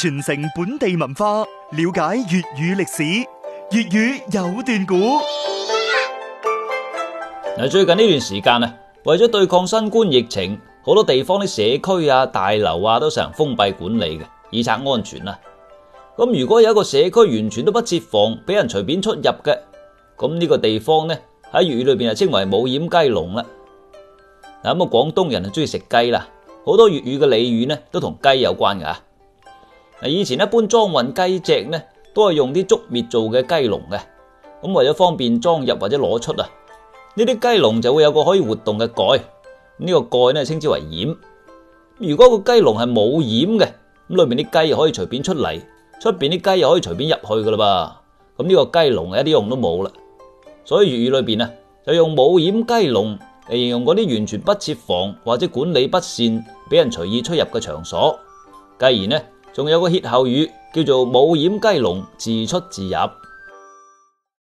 傳承本地文化，了解粵語歷史，粵語有段古。嗱，最近呢段時間啊，為咗對抗新冠疫情，好多地方啲社區啊、大樓啊都成封閉管理嘅，以策安全啦。咁如果有一個社區完全都不設防，俾人隨便出入嘅，咁呢個地方呢，喺粵語裡邊啊稱為冇掩雞籠啦。嗱，咁啊，廣東人啊中意食雞啦，好多粵語嘅俚語呢都同雞有關噶。嗱，以前一般裝運雞隻呢，都係用啲竹篾做嘅雞籠嘅。咁為咗方便裝入或者攞出啊，呢啲雞籠就會有個可以活動嘅蓋。呢個蓋呢，稱之為掩。如果個雞籠係冇掩嘅，咁裏面啲雞又可以隨便出嚟，出邊啲雞又可以隨便入去噶啦噃。咁呢個雞籠一啲用都冇啦。所以粵語裏邊啊，就用冇掩雞籠嚟形容嗰啲完全不設防或者管理不善，俾人隨意出入嘅場所。假如呢。仲有個歇後語叫做冇掩雞籠，自出自入。